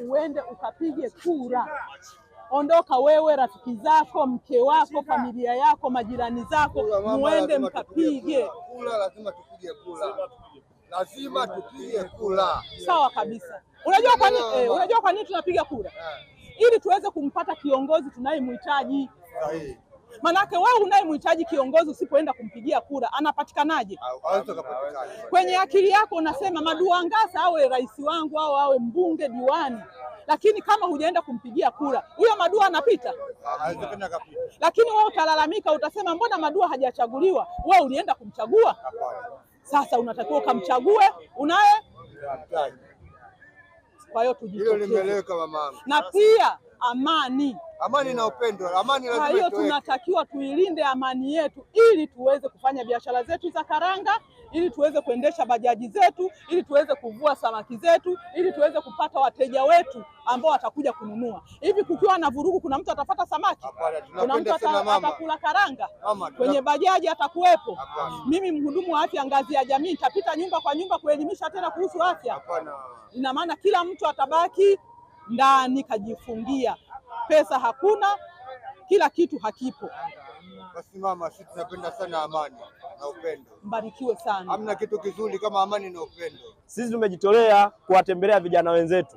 uende ukapige kura. Ondoka wewe, rafiki zako, mke wako, familia yako, majirani zako, muende mkapige kura. Lazima tupige kura, lazima tupige kura. Sawa kabisa. Unajua kwa nini eh? Unajua kwa nini tunapiga kura? Eh. Ili tuweze kumpata kiongozi tunayemhitaji. Sahihi. Manake wewe unayemhitaji kiongozi usipoenda kumpigia kura anapatikanaje? Kwenye akili yako unasema Madua Ngasa awe rais wangu au awe mbunge, diwani, lakini kama hujaenda kumpigia kura huyo Madua anapita. Lakini wewe utalalamika, utasema mbona Madua hajachaguliwa? Wewe ulienda kumchagua. Sasa unatakiwa ukamchague unaye. Kwa hiyo tujitokeze na pia amani, amani na upendo, amani lazima. Kwa hiyo tunatakiwa tuilinde amani yetu ili tuweze kufanya biashara zetu za karanga, ili tuweze kuendesha bajaji zetu, ili tuweze kuvua samaki zetu, ili tuweze kupata wateja wetu ambao watakuja kununua. Hivi kukiwa na vurugu, kuna mtu atapata samaki? Kuna mtu atakula karanga? Mama, kwenye bajaji atakuwepo? Mimi mhudumu wa afya ngazi ya jamii nitapita nyumba kwa nyumba kuelimisha tena kuhusu afya? Ina maana kila mtu atabaki ndani kajifungia, pesa hakuna, kila kitu hakipo. Basi mama, sisi tunapenda sana amani na upendo. Mbarikiwe sana. Hamna kitu kizuri kama amani na upendo. Sisi tumejitolea kuwatembelea vijana wenzetu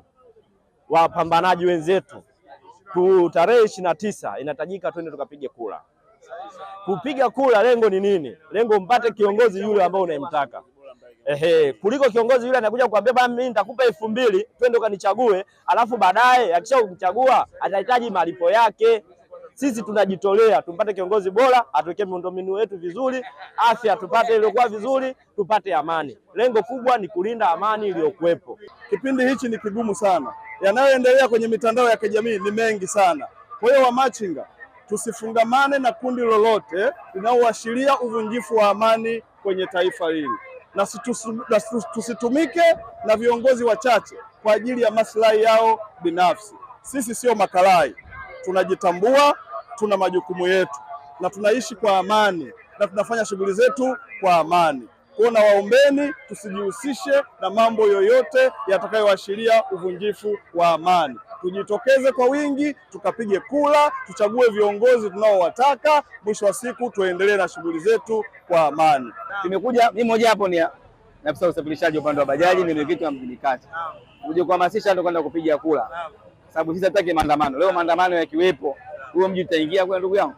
wapambanaji wenzetu tu. Tarehe ishirini na tisa inahitajika twende tukapige kura. Kupiga kura, lengo ni nini? Lengo mpate kiongozi yule ambao unayemtaka. Ehe, kuliko kiongozi yule anakuja kukuambia bwana, mimi nitakupa elfu mbili twende ukanichague, alafu baadaye akisha kumchagua atahitaji malipo yake. Sisi tunajitolea tumpate kiongozi bora, atuwekee miundombinu yetu vizuri, afya tupate iliyokuwa vizuri, tupate amani. Lengo kubwa ni kulinda amani iliyokuwepo. Kipindi hichi ni kigumu sana, yanayoendelea kwenye mitandao ya kijamii ni mengi sana. Kwa hiyo wamachinga, tusifungamane na kundi lolote linaloashiria uvunjifu wa amani kwenye taifa hili na tusitumike na viongozi wachache kwa ajili ya maslahi yao binafsi. Sisi sio makalai, tunajitambua, tuna majukumu yetu na tunaishi kwa amani na tunafanya shughuli zetu kwa amani. Kwa na waombeni tusijihusishe na mambo yoyote yatakayoashiria uvunjifu wa amani tujitokeze kwa wingi, tukapige kula, tuchague viongozi tunaowataka. Mwisho wa siku tuendelee na shughuli zetu kwa amani. Nimekuja mimi moja hapo ni afisa usafirishaji upande wa bajaji, ni mwenyekiti wa mjini kati. Kuja kuhamasisha ndio kwenda kupiga kula, sababu sisi hatutaki maandamano. Leo maandamano yakiwepo, huo mji utaingia kwa ndugu yangu,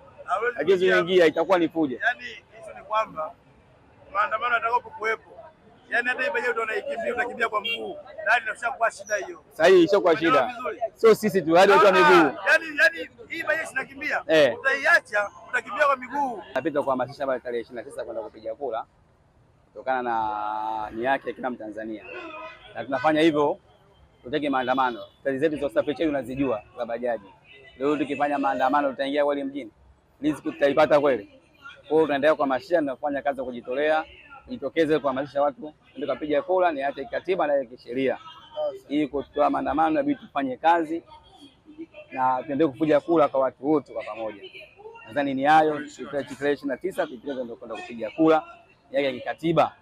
lakini inaingia itakuwa ni fujo. Yani hicho ni kwamba maandamano yatakapokuwepo yani hata ibaje unaikimbia unakimbia kwa mguu. Ndani inafisha kwa shida hiyo. Sahihi, sio kwa shida. Sio sisi tu, hadi watu wa miguu. yani, yani hii baje sinakimbia. Eh. Utaiacha utakimbia kwa miguu. Napenda kuhamasisha bali tarehe 29 kwenda kupiga kura kutokana na ni yake kila Mtanzania. Na tunafanya hivyo tutege maandamano. Kazi zetu za usafiri chetu unazijua za bajaji. Leo tukifanya maandamano tutaingia kweli mjini. Riziki tutaipata kweli. Kwa hiyo tunaendelea kwa mashia na kufanya kazi za kujitolea nitokeze kuhamasisha watu ndio kapiga kura, niache katiba na kisheria, ili kutoa maandamano, inabidi tufanye kazi na tuendelee kupiga kura kwa watu wote kwa pamoja. Nadhani ni hayo, tarehe ishirini na tisa tujitokeze ndio kwenda kupiga kura yake ya kikatiba.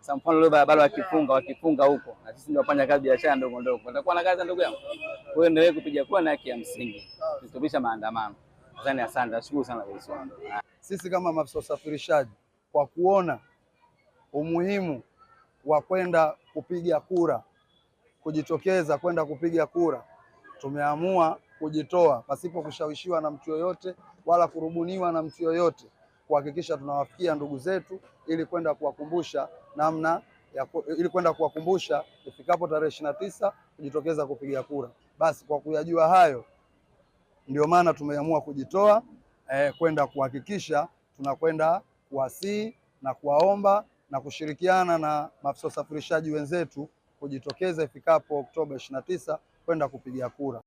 Sasa mfano leo barabara wakifunga wakifunga huko, na sisi ndio wafanya kazi biashara ndogo ndogo, nitakuwa na kazi ndugu yangu. Kwa hiyo endelee kupiga kura na haki ya msingi, tutubisha maandamano. Nadhani asante, nashukuru sana kwa sisi kama maafisa usafirishaji kwa kuona umuhimu wa kwenda kupiga kura, kujitokeza kwenda kupiga kura, tumeamua kujitoa pasipo kushawishiwa na mtu yoyote wala kurubuniwa na mtu yoyote, kuhakikisha tunawafikia ndugu zetu ili kwenda kuwakumbusha namna ya, ili kwenda kuwakumbusha ifikapo tarehe ishirini na tisa kujitokeza kupiga kura. Basi kwa kuyajua hayo, ndio maana tumeamua kujitoa eh, kwenda kuhakikisha tunakwenda kuwasihi na kuwaomba na kushirikiana na maafisa usafirishaji wenzetu kujitokeza ifikapo Oktoba 29 kwenda kupiga kura.